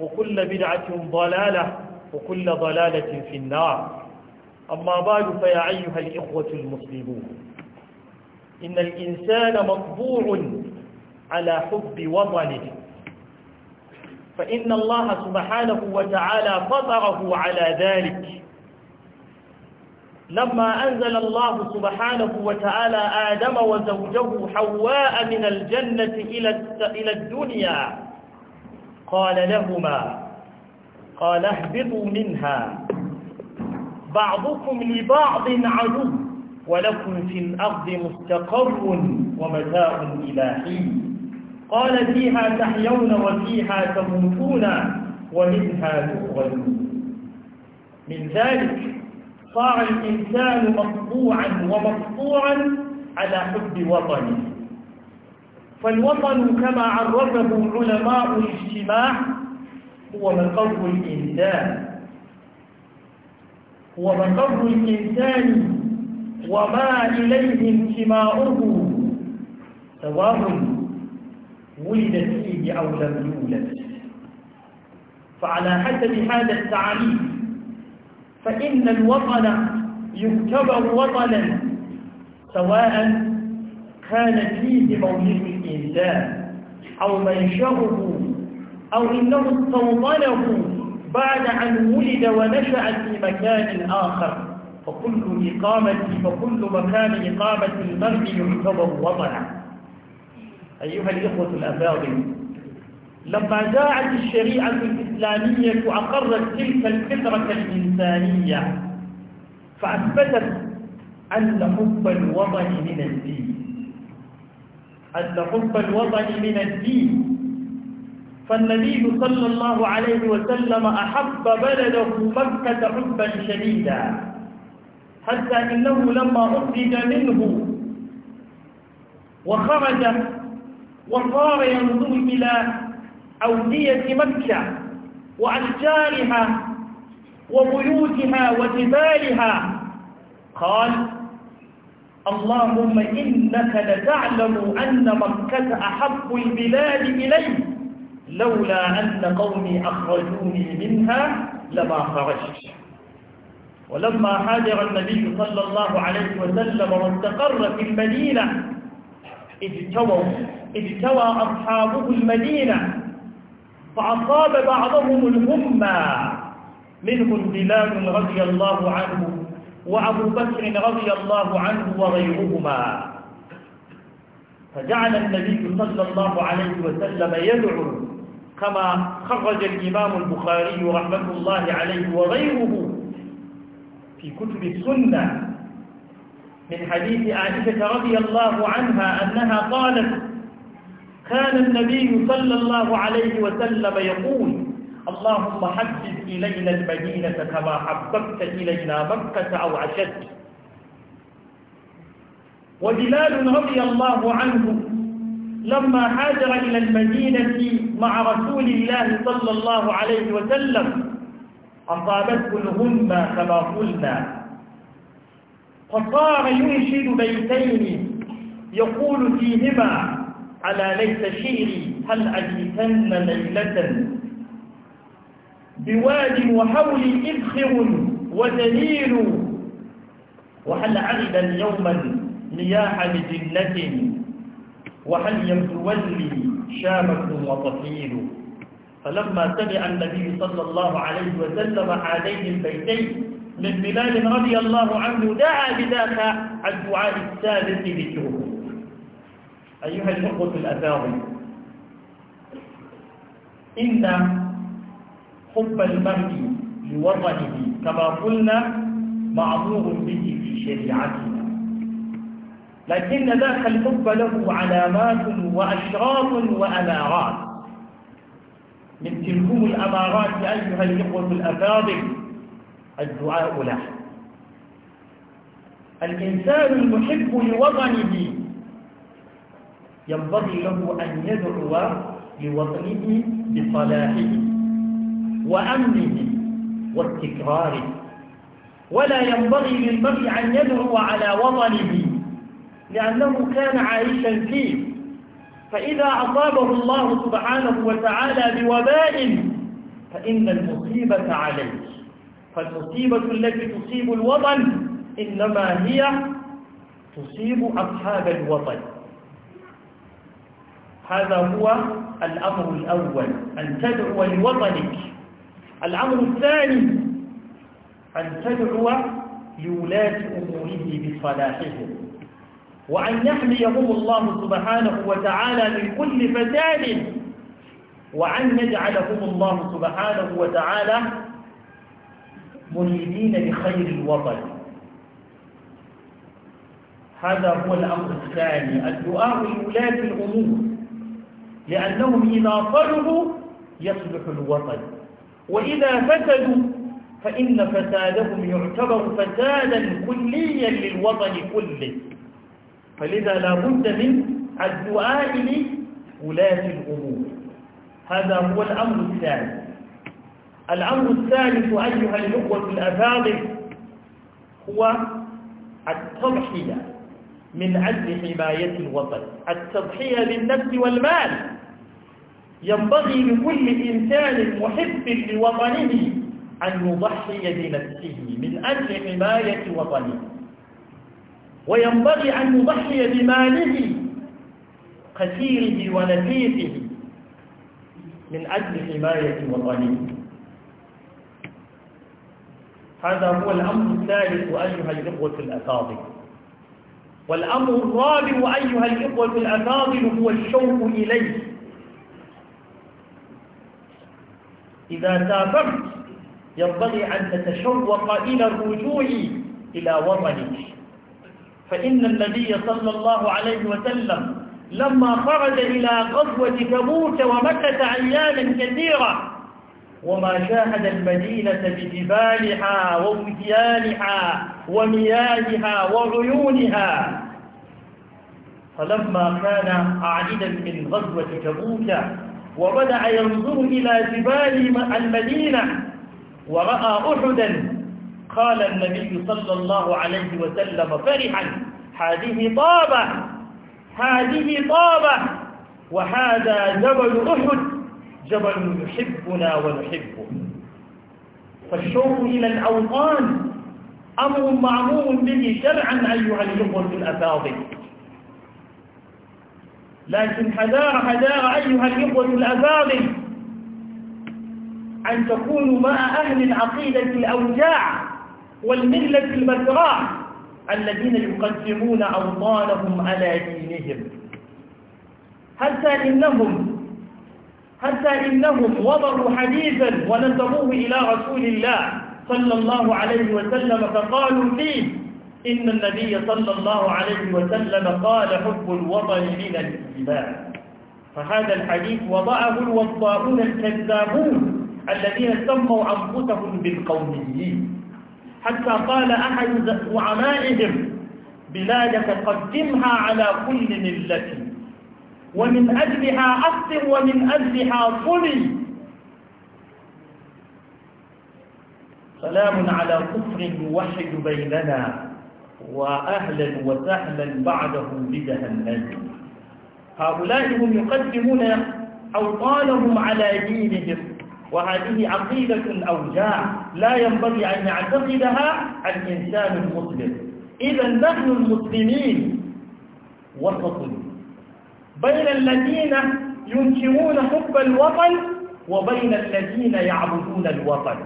وكل بدعة ضلالة وكل ضلالة في النار أما بعد فيا أيها الإخوة المسلمون إن الإنسان مطبوع على حب وطنه فإن الله سبحانه وتعالى فطره على ذلك لما أنزل الله سبحانه وتعالى آدم وزوجه حواء من الجنة إلى الدنيا قال لهما قال اهبطوا منها بعضكم لبعض عدو ولكم في الأرض مستقر ومتاع إلى حين قال فيها تحيون وفيها تموتون ومنها تخرجون من ذلك صار الإنسان مقطوعا ومقطوعا على حب وطنه فالوطن كما عرفه علماء الاجتماع هو مقر الإنسان هو مقر الإنسان وما إليه انتماؤه سواء ولد فيه أو لم يولد فعلى حسب هذا التعريف فإن الوطن يعتبر وطنا سواء خان فيه مولد الإنسان أو منشأه أو إنه استوطنه بعد أن ولد ونشأ في مكان آخر فكل إقامة فكل مكان إقامة المرء يعتبر وطنا أيها الإخوة الأفاضل لما جاءت الشريعة الإسلامية أقرت تلك الفطرة الإنسانية فأثبتت أن حب الوطن من الدين أن حب الوطن من الدين فالنبي صلى الله عليه وسلم أحب بلده مكة حبا شديدا حتى إنه لما أخرج منه وخرج وصار ينظر إلى أودية مكة وأشجارها وبيوتها وجبالها قال اللهم إنك لتعلم أن مكة أحب البلاد إلي لولا أن قومي أخرجوني منها لما خرجت ولما حاجر النبي صلى الله عليه وسلم واستقر في المدينة اجتوى اجتوى أصحابه المدينة فأصاب بعضهم الهمة منهم بلال رضي الله عنه وأبو بكر رضي الله عنه وغيرهما فجعل النبي صلى الله عليه وسلم يدعو كما خرج الإمام البخاري رحمة الله عليه وغيره في كتب السنة من حديث عائشة رضي الله عنها أنها قالت كان النبي صلى الله عليه وسلم يقول اللهم حبب إلينا المدينة كما حببت إلينا مكة أو أشد وبلال رضي الله عنه لما هاجر إلى المدينة مع رسول الله صلى الله عليه وسلم أصابته الهمة كما قلنا فصار ينشد بيتين يقول فيهما على ليت شيري هل أجلسن ليلة بواد وحولي إذخر ودليل وحل عربا يوما نياح وحل يبدو يمتولي شامة وطفيل فلما سمع النبي صلى الله عليه وسلم هذين البيتين من بلال رضي الله عنه دعا بذاك الدعاء الثالث ذكره أيها الإخوة الأفاضل إن حب المرء لوطنه كما قلنا معمور به في شريعتنا لكن ذاك الحب له علامات وأشراط وأمارات من تلكم الأمارات أيها الإخوة الأفاضل الدعاء له الإنسان المحب لوطنه ينبغي له أن يدعو لوطنه بصلاحه وأمنه واستكراره ولا ينبغي للمرء أن يدعو على وطنه لأنه كان عايشا فيه فإذا أصابه الله سبحانه وتعالى بوباء فإن المصيبة عليه فالمصيبة التي تصيب الوطن إنما هي تصيب أصحاب الوطن هذا هو الأمر الأول أن تدعو لوطنك الأمر الثاني أن تدعو لولاة أموره بصلاحهم وأن يحميهم الله سبحانه وتعالى من كل فساد وأن يجعلهم الله سبحانه وتعالى منيبين لخير الوطن هذا هو الأمر الثاني الدعاء لولاة الأمور لأنهم إذا صلحوا يصلح الوطن وإذا فسدوا فإن فسادهم يعتبر فسادا كليا للوطن كله فلذا لا بد من الدعاء لولاة الأمور هذا هو الأمر الثالث الأمر الثالث أيها الأخوة الأفاضل هو التضحية من أجل حماية الوطن التضحية بالنفس والمال ينبغي لكل إنسان محب لوطنه أن يضحي بنفسه من أجل حماية وطنه وينبغي أن يضحي بماله كثيره ونفيسه من أجل حماية وطنه هذا هو الأمر الثالث أيها الإخوة الأفاضل والأمر الرابع أيها الإخوة الأفاضل هو الشوق إليه إذا سافرت ينبغي أن تتشوق إلى الرجوع إلى وطنك فإن النبي صلى الله عليه وسلم لما خرج إلى غزوة تبوك ومكة أياما كثيرة وما شاهد المدينة بجبالها ووديانها ومياهها وعيونها فلما كان عائدا من غزوة تبوك وبدأ ينظر إلى جبال المدينة ورأى أحدا قال النبي صلى الله عليه وسلم فرحا هذه طابة هذه طابة وهذا جبل أحد جبل يحبنا ونحبه فالشوق إلى الأوطان أمر معمول به شرعا أيها الإخوة الأفاضل لكن حذار حذار أيها الإخوة الأفاضل أن تكونوا مع أهل العقيدة الأوجاع والملة المسراع الذين يقدمون أوطانهم على دينهم حتى إنهم حتى إنهم وضعوا حديثا ونسبوه إلى رسول الله صلى الله عليه وسلم فقالوا فيه إن النبي صلى الله عليه وسلم قال حب الوطن من الإيمان فهذا الحديث وضعه الوضاؤون الكذابون الذين سموا أنفسهم بالقوميين حتى قال أحد زعمائهم بلادك قدمها على كل ملة ومن أجلها أقسم ومن أجلها صلي سلام على كفر يوحد بيننا وأهلا وسهلا بعده بجهنم هؤلاء هم يقدمون أوطانهم على دينهم وهذه عقيدة أوجاع لا ينبغي أن يعتقدها الإنسان المسلم إذا نحن المسلمين وسط بين الذين ينشرون حب الوطن وبين الذين يعبدون الوطن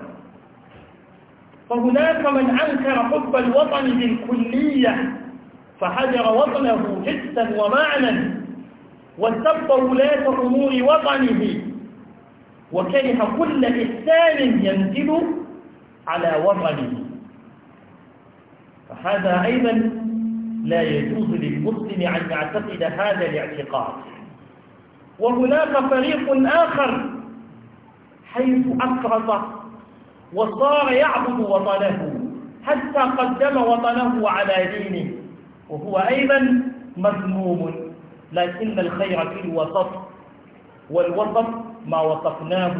فهناك من أنكر حب الوطن بالكلية فحجر وطنه جدا ومعنى وسب ولاة أمور وطنه وكره كل إحسان ينزل على وطنه فهذا أيضا لا يجوز للمسلم أن يعتقد هذا الاعتقاد وهناك فريق آخر حيث أفرط وصار يعبد وطنه حتى قدم وطنه على دينه وهو أيضا مذموم لكن الخير في الوسط والوسط ما وصفناه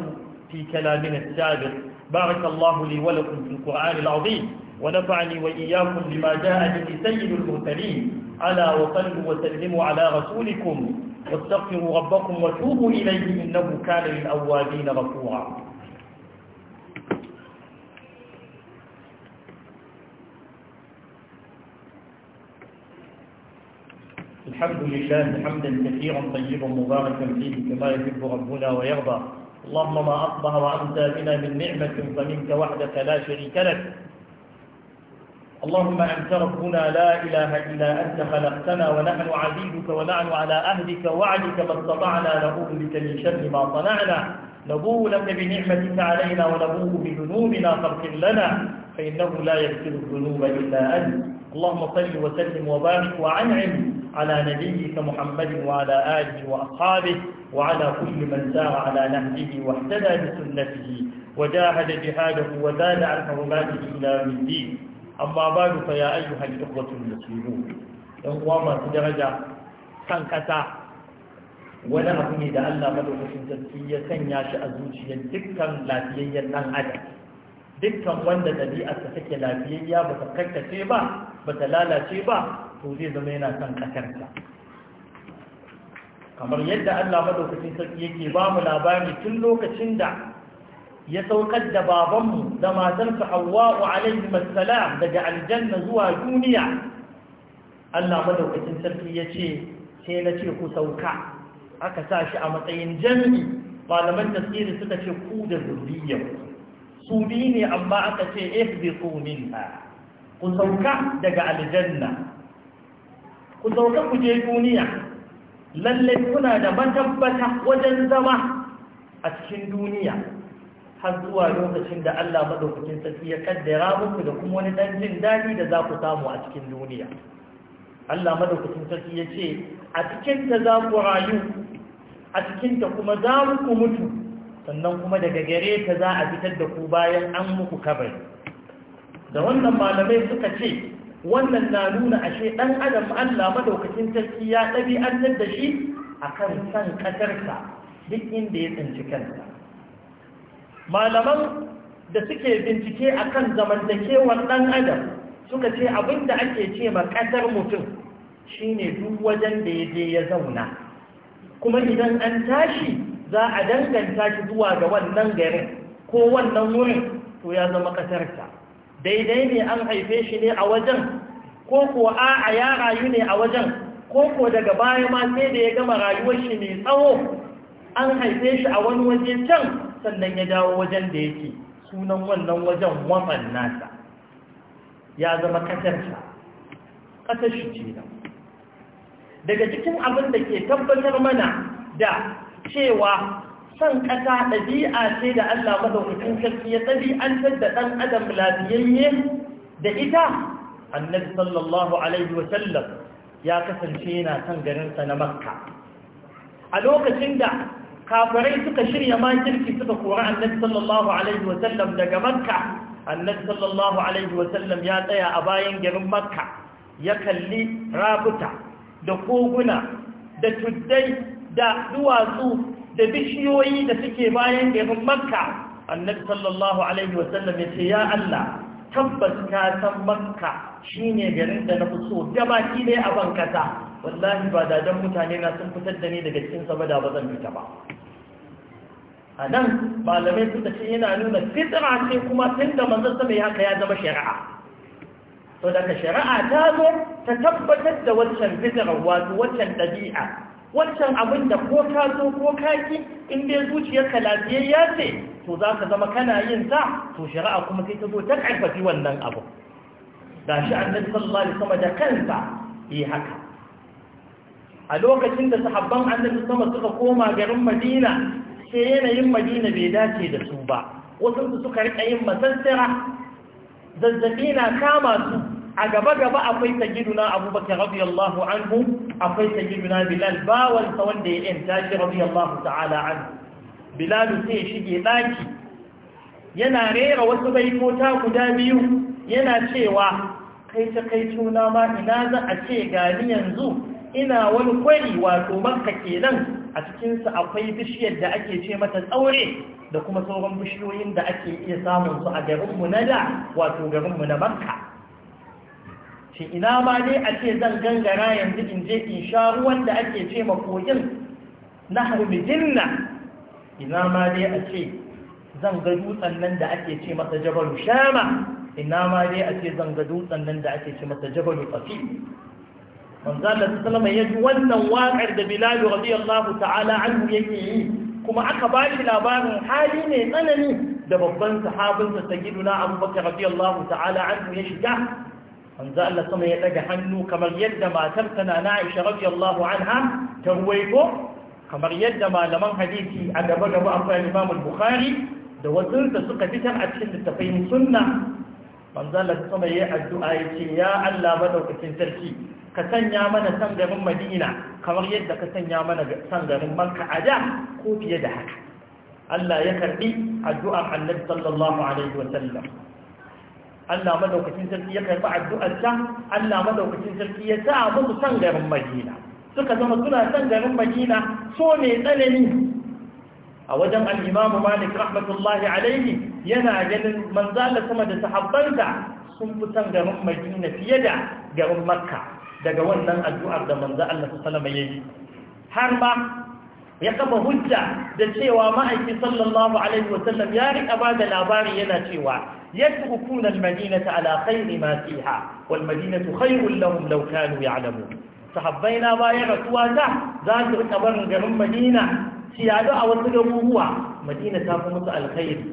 في كلامنا السابق بارك الله لي ولكم في القرآن العظيم ونفعني وإياكم بما جاء به سيد المرسلين ألا وصلوا وسلموا على رسولكم واستغفروا ربكم وتوبوا إليه إنه كان للأوابين غفورا الحمد لله حمدا كثيرا طيبا مباركا فيه كما يحب ربنا ويرضى اللهم ما أصبح وأنت بنا من نعمة فمنك وحدك لا شريك لك اللهم أنت ربنا لا إله إلا أنت خلقتنا ونحن عبيدك ونحن على أهلك وعدك ما استطعنا نبوء بك من شر ما صنعنا نبوء لك بنعمتك علينا ونبوء بذنوبنا فاغفر لنا فإنه لا يغفر الذنوب إلا أنت اللهم صل وسلم وبارك وأنعم على نبيك محمد وعلى آله وأصحابه وعلى كل من سار على نهجه واهتدى بسنته وجاهد جهاده وزاد عن حرماته إلى يوم الدين أما بعد فيا أيها الإخوة المسلمون إقوام درجة كنكتا ولا أبني da Allah madaukakin sarki ya sanya shi a zuciyar dukkan lafiyayyen dan adam dukkan wanda ɗabi'arsa take lafiyayya ba ta karkace ba ba ta lalace ba to zai zama yana son ƙasarsa kamar yadda Allah madaukakin sarki yake ba mu labari tun lokacin da ya saukar da babanmu da matarsa Hawwa'u alaihi assalam daga aljanna zuwa duniya Allah madaukakin sarki yace sai na ce ku sauka aka sa shi a matsayin jami'i malaman tafsiri suka ce ku da zurriyyar su biyu ne amma aka ce ihbitu minha ku sauka daga aljanna ku sauka ku je duniya lallai kuna da matabbata wajen zama a cikin duniya har zuwa lokacin da Allah madaukakin sarki ya kaddara muku da kuma wani dan jin dadi da za ku samu a cikin duniya Allah madaukakin sarki ya ce a cikin za ku rayu a cikin kuma za ku mutu sannan kuma daga gare ta za a fitar da ku bayan an muku kabari da wannan malamai suka ce wannan na nuna ashe ɗan adam Allah madaukakin sarki ya ɗabi'antar da shi akan san ƙasarsa duk inda ya tsinci kansa malaman da suke bincike a akan zamantakewar ɗan adam suka ce abin da ake ce ma ƙasar mutum shine duk wajen da ya je ya zauna kuma idan an tashi za a danganta shi zuwa ga wannan garin ko wannan wurin to ya zama ƙasarsa daidai ne an haife shi ne a wajen ko ko a ya rayu ne a wajen ko ko daga baya ma sai da ya gama rayuwar shi mai tsawo an haife shi a wani waje can sannan ya dawo wajen da yake sunan wannan wajen waman nasa ya zama kasarsa kasar shi ce nan daga cikin abin da ke tabbatar mana da cewa san ƙasa ɗabi'a ce da Allah madaukakin sarki ya san da ɗan adam lafiyayye da ita annabi sallallahu alaihi wasallam ya kasance yana san garinsa na makka a lokacin da kafirai suka shirya makirki suka kori annabi sallallahu alaihi wasallam daga makka annabi sallallahu alaihi wasallam ya tsaya a bayan garin makka ya kalli rafuta da koguna da tuddai da duwatsu da bishiyoyi da suke bayan garin makka annabi sallallahu alaihi wasallam ya ce ya Allah tabbas ka san makka shine garin da na so gabaki ne a bankata wallahi ba da dan mutane na sun fitar da ni daga cikin sama ba da ba fita ba a nan malamai suka ce yana nuna fitra ce kuma tun da manzon sama ya haka ya zama shari'a to daga shari'a ta zo ta tabbatar da wancan fitrar wato wancan ɗabi'a wancan abin da ko ka zo ko ka ki in dai zuciyarka lafiyayya ce to za ka zama kana yin sa to shari'a kuma sai ta zo ta karfafi wannan abu da shi annabi sallallahu alaihi sama da kansa yi haka a lokacin da sahabban annabi sama suka koma garin madina sai yanayin madina bai dace da su ba wasu suka riƙa yin masassara zazzabi na kama su a gaba gaba akwai sayyiduna abubakar radiyallahu anhu akwai sayyiduna bilal bawansa wanda ya yanta shi radiyallahu ta'ala anhu bilal sai shige daki yana rera wasu baitota guda biyu yana cewa kai ta kai tuna ma ina za a ce gani yanzu ina wani kwari wato makka kenan a cikinsa akwai bishiyar da ake ce mata tsaure da kuma sauran bishiyoyin da ake iya samun su a garinmu na da wato garinmu na makka Ce ina ma ne a ce zan gangara yanzu in je in sha ruwan da ake ce ma kogin na harbijinna ina ma ne a ce zan ga dutsen nan da ake ce masa jabalu shama ina ma ne a ce zan ga dutsen nan da ake ce masa jabalu tafi manzo Allah sallama ya ji wannan waƙar da Bilal radiyallahu ta'ala anhu yake yi kuma aka ba shi labarin hali mai tsanani da babban sahabinsa sayyiduna Abubakar radiyallahu ta'ala anhu ya shiga manzo Allah sama ya daga hannu kamar yadda matar na na Aisha radiyallahu anha ta ko kamar yadda malaman hadisi a gaba gaba akwai imamul Bukhari da wasu da suka fitar a cikin littafin sunna manzo Allah sama ya addu'a ce ya Allah madaukakin sarki ka sanya mana san garin Madina kamar yadda ka sanya mana san garin Makka a da ko fiye da haka Allah ya karɓi addu'ar Annabi sallallahu alaihi wa sallam Allah madaukakin sarki ya karɓi addu'ar ta Allah madaukakin sarki ya sa musu san garin Madina suka zama suna san garin Madina so ne tsanani a wajen al-Imam Malik rahmatullahi alaihi yana ganin manzala sama da sahabbansa sun fi san garin Madina fiye da garin Makka daga wannan addu'ar da manzo Allah sallallahu alaihi har ma ya kafa hujja da cewa ma'aiki sallallahu alaihi wasallam ya riƙa ba da labari yana cewa يتركون المدينة على خير ما فيها والمدينة خير لهم لو كانوا يعلمون sahabbaina bayan rasuwata za su rika barin garin madina su yadu a wasu garuruwa madina ta fi musu alkhairi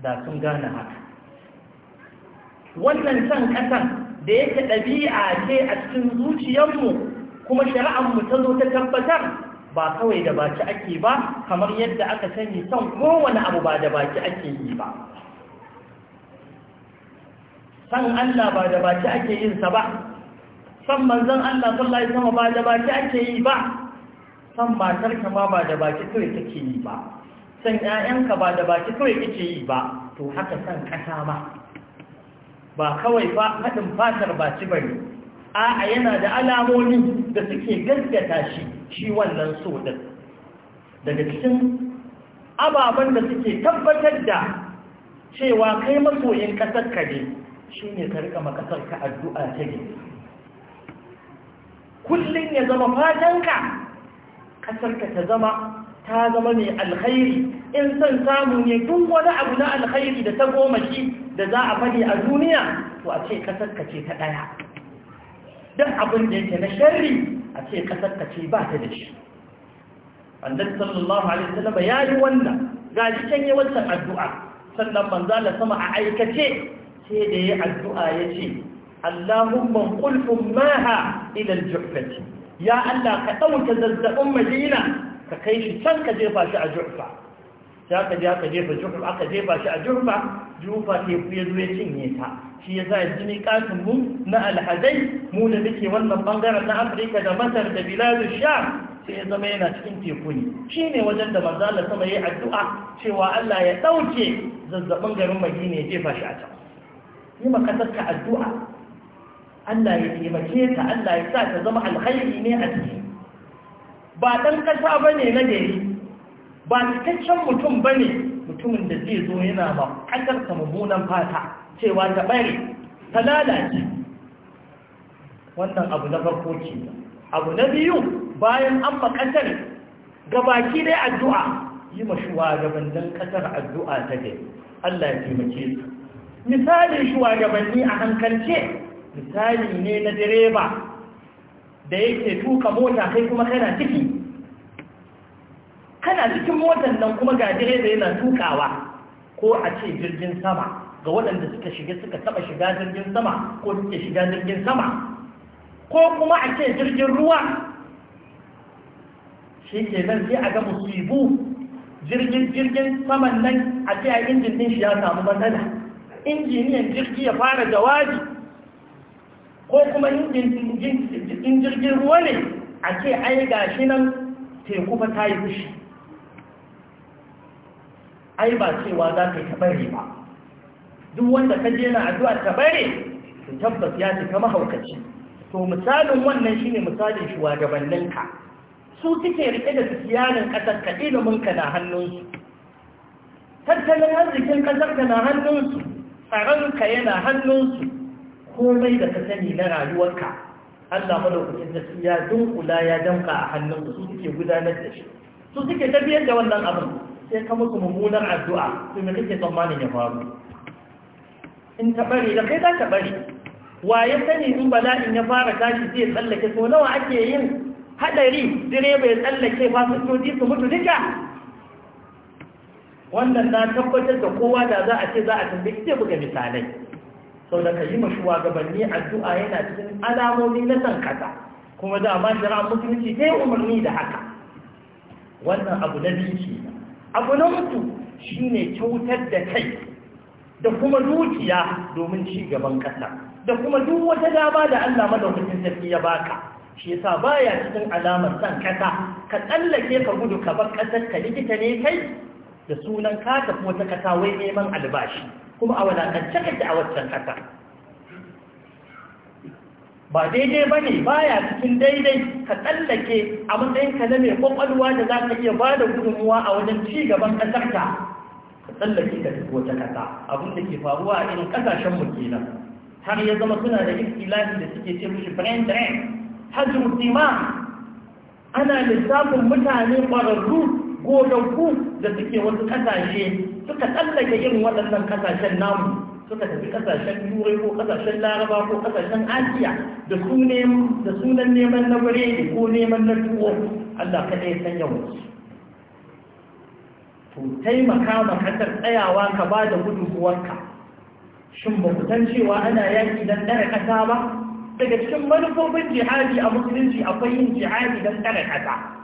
da sun gane haka wannan san ƙasar da yake ɗabi'a ce a cikin zuciyarmu kuma shari'ar mu tazo ta tabbatar ba kawai da baki ake ba kamar yadda aka sani son kowane abu ba da baki ake yi ba san Allah ba da baki ake yin sa ba san manzon Allah sallallahu alaihi wasallam ba da baki ake yi ba san matar ka ma ba da baki kawai take yi ba san ka ba da baki kawai kike yi ba to haka san kasa ma ba kawai fa hadin fatar baci bane a'a yana da alamomi da suke gaskata shi shi wannan so din daga cikin ababen da suke tabbatar da cewa kai masoyin kasar ka ne shi ne ka riƙa makasar addu'a ta gini kullum ya zama fatanka kasarka ta zama ta zama mai alkhairi in son samu ne duk wani abu na alkhairi da ta goma shi da za a faɗi a duniya to a ce ƙasarka ce ta ɗaya duk abin da yake na sharri a ce ƙasarka ce ba ta da shi annabi sallallahu alaihi sallama ya yi wannan gaji can yi wancan addu'a sannan banza da sama a aikace sai da ya addu'a ya ce Allahumma ƙulfin maha idan al ya Allah ka ɗauke zazzabin Madina ka kai shi can ka jefa shi a jufa sai ka je aka jefa juhfa aka jefa shi a juhfa juhfa ke ya zo cinye ta shi ya sa jini katin mu na al'adai mu da muke wannan bangaren na Afirka da Masar da Biladun sha sai ya zama yana cikin teku ne shi ne wajen da manzala sama ya yi addu'a cewa Allah ya ɗauke zazzaɓin garin magini ya jefa shi a can yi ma ƙasarka addu'a Allah ya taimake ta Allah ya sa ta zama alkhairi ne a ciki ba ɗan ƙasa ba ne na gari ba cikakken mutum ba ne mutumin da zai zo yana ma ƙasarka mummunan fata cewa ta ɓare ta lalace wannan abu na farko ce abu na biyu bayan an ma gabaki dai addu'a yi ma ɗan ƙasar addu'a ta gari Allah ya taimake ta. misalin shugabanni a hankalce misali ne na direba da yake tuka mota kai kuma kana ciki kana cikin motar nan kuma ga direba yana tukawa ko a ce jirgin sama ga waɗanda suka shiga suka taɓa shiga jirgin sama ko suke shiga jirgin sama ko kuma a ce jirgin ruwa shi ke nan sai a ga musibu jirgin jirgin saman nan a ce a injin din shi ya samu matsala injiniyan jirgi ya fara jawabi ko kuma in jirgin ruwa ne a ce ai shi nan teku fa ta yi fushi ai ba cewa za ka yi tabare ba duk wanda ka je na addu'a tabare su tabbas ya cika mahaukaci to misalin wannan shine misalin shugabanninka su suke rike da siyanin kasar ka iliminka na hannunsu tattalin arzikin kasar ka na hannunsu tsaronka yana hannunsu komai da ka sani na rayuwarka Allah da sarki ya dunkula ya danka a hannunsu su suke gudanar da shi su suke tafiyar da wannan abin sai ka musu mummunar addu'a to me kake tsammanin ya faru in ta bare da kai za ta bare wa ya sani in bala'in ya fara tashi zai tsallake so nawa ake yin hadari direba ya tsallake fasinjoji su mutu duka wannan na tabbatar da kowa da za a ce za a tambayi zai buga misalai sau da ka yi ma shugabanni addu'a yana cikin alamomi na san kasa kuma da ma shara musulunci yi umarni da haka wannan abu na biyu abu na mutu ne kyautar da kai da kuma dukiya domin ci gaban kasa da kuma duk wata dama da Allah madaukakin sarki ya baka shi yasa baya cikin alamar san kasa ka tsallake ka gudu ka bar kasar ka likita ne kai da sunan kaka kuma wata kasa wai neman albashi kuma a wadatance kake a waccan kasa ba daidai ba ne baya cikin daidai ka tsallake a matsayin na mai kwakwalwa da za ka iya ba da gudunmuwa a wajen ci gaban ƙasarta. ka tsallake ka duk wata ƙasa abin da ke faruwa a irin ƙasashen mu kenan har ya zama suna da ikilafi da suke ce mishi brain drain hajji ana lissafin mutane ƙwararru godanku da suke wasu kasashe suka tsallake irin waɗannan kasashen namu suka tafi kasashen turai ko kasashen laraba ko kasashen asiya da sunan neman na ko neman na tuwo allah kada ya sanya wasu to taimaka ma kasar tsayawa ka ba da gudunmuwarka shin ba san cewa ana yaƙi don ɗara ƙasa ba daga cikin manufofin jihadi a musulunci akwai yin jihadi don tsare ƙasa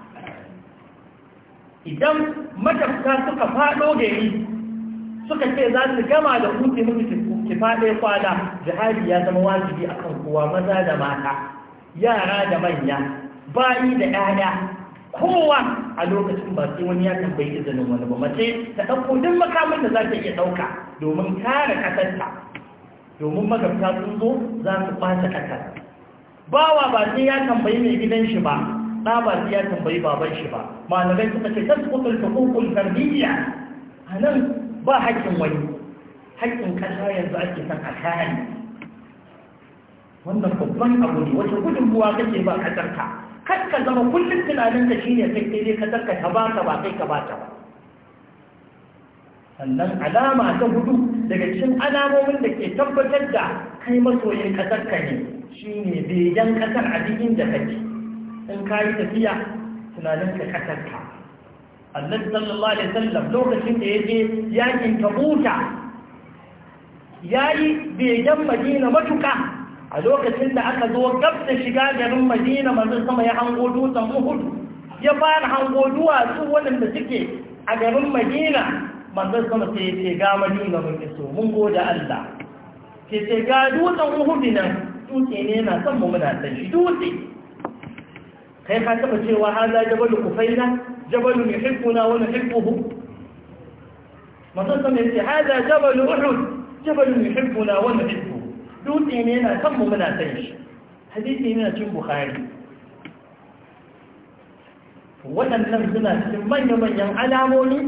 idan matafta suka faɗo yi suka ce za su gama da hutu mutu ki faɗe kwana jihadi ya zama wajibi a kan kowa maza da mata yara da manya bayi da ɗaya. kowa a lokacin ba sai wani ya tambayi izinin wani ba mace ta ɗauko duk makamin da za ta iya ɗauka domin kare ƙasarta domin magabta sun zo za su ɓata ƙasar bawa ba sai ya tambayi mai gidan shi ba ɗa ba ya tambayi baban shi ba malamai suka ce tas kutul hukukul tarbiyya a nan ba haƙƙin wani haƙƙin ƙasa yanzu ake san a kare wannan babban abu ne wace gudunmuwa kake ba ƙasarka kar ka zama kullum tunaninka shine kai kai dai ƙasarka ta ba ka ba kai ka ba ta ba sannan alama ta hudu daga cikin alamomin da ke tabbatar da kai masoyin ƙasarka ne shine begen ƙasar a cikin da kake in ka yi tafiya tunanin ka kasarka annabi sallallahu alaihi wasallam lokacin da yake yakin tabuta yayi begen madina matuka a lokacin da aka zo gab da shiga garin madina manzo sama ya hango dutsen uhud ya fara hango duwatsu waɗanda suke a garin madina manzo sama sai ya ce ga madina mun iso mun gode Allah ke ce ga dutsen uhud nan dutse ne yana son mu muna san shi dutse kai ka taba cewa haza jabalu kufaina jabalu yuhibbuna wa nuhibbuhu manzon sama yace haza jabalu uhud jabalu yuhibbuna wa nuhibbuhu dutse ne yana kan mu muna san shi hadisi ne na cikin bukhari waɗannan suna cikin manya-manyan alamomi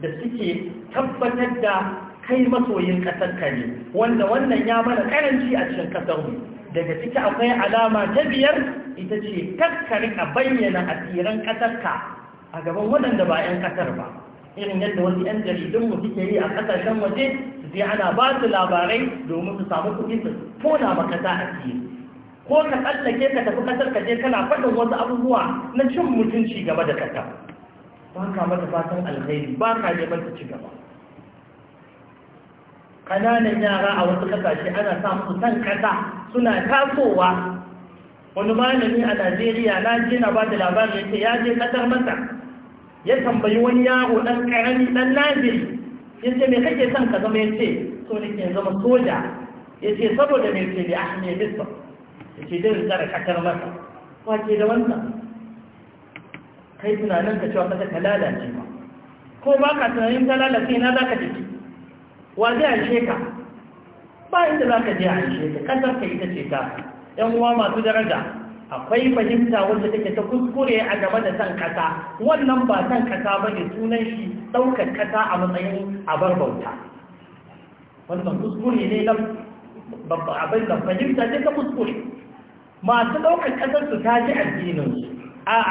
da suke tabbatar da kai masoyin ƙasar kare wanda wannan ya mana karanci a cikin ƙasar mu daga ciki akwai alama ta biyar ita ce kakkarin a bayyana a asiran ƙasarka a gaban waɗanda ba 'yan ƙasar ba irin yadda wasu 'yan jaridunmu suke yi a ƙasashen waje su je ana ba su labarai domin su samu kuɗi su tona ba ƙasa a tsiri ko ka tsallake ka tafi ƙasar ka je kana faɗin wasu abubuwa na cin mutunci gaba da ƙasa ba ka mata fatan alheri ba ka neman ta ci gaba ƙananan yara a wasu ƙasashe ana sa musu san ƙasa suna tasowa wani malami a najeriya na jina na ba da labarin yake ya je kasar masa ya tambayi wani yaro ɗan ƙarami ɗan naziri ya ce mai kake son ka zama ya ce so ne ke zama soja ya ce saboda mai ce da ahmed bisba ya ce zai da kasar masa ke da wannan kai tunanin ka cewa kasa ka lalace ba ko ba ka tunanin ka lalace na za ka jiki wa zai haishe ka ba inda za ka je haishe ka kasar ka ita ce ta yan uwa masu daraja akwai fahimta wanda take ta kuskure a game da san kasa wannan ba san kasa ba ne sunan shi ɗaukar kasa a matsayin abar bauta wannan kuskure ne abin da fahimta ta kuskure masu ɗaukar kasar su ta ji addinin su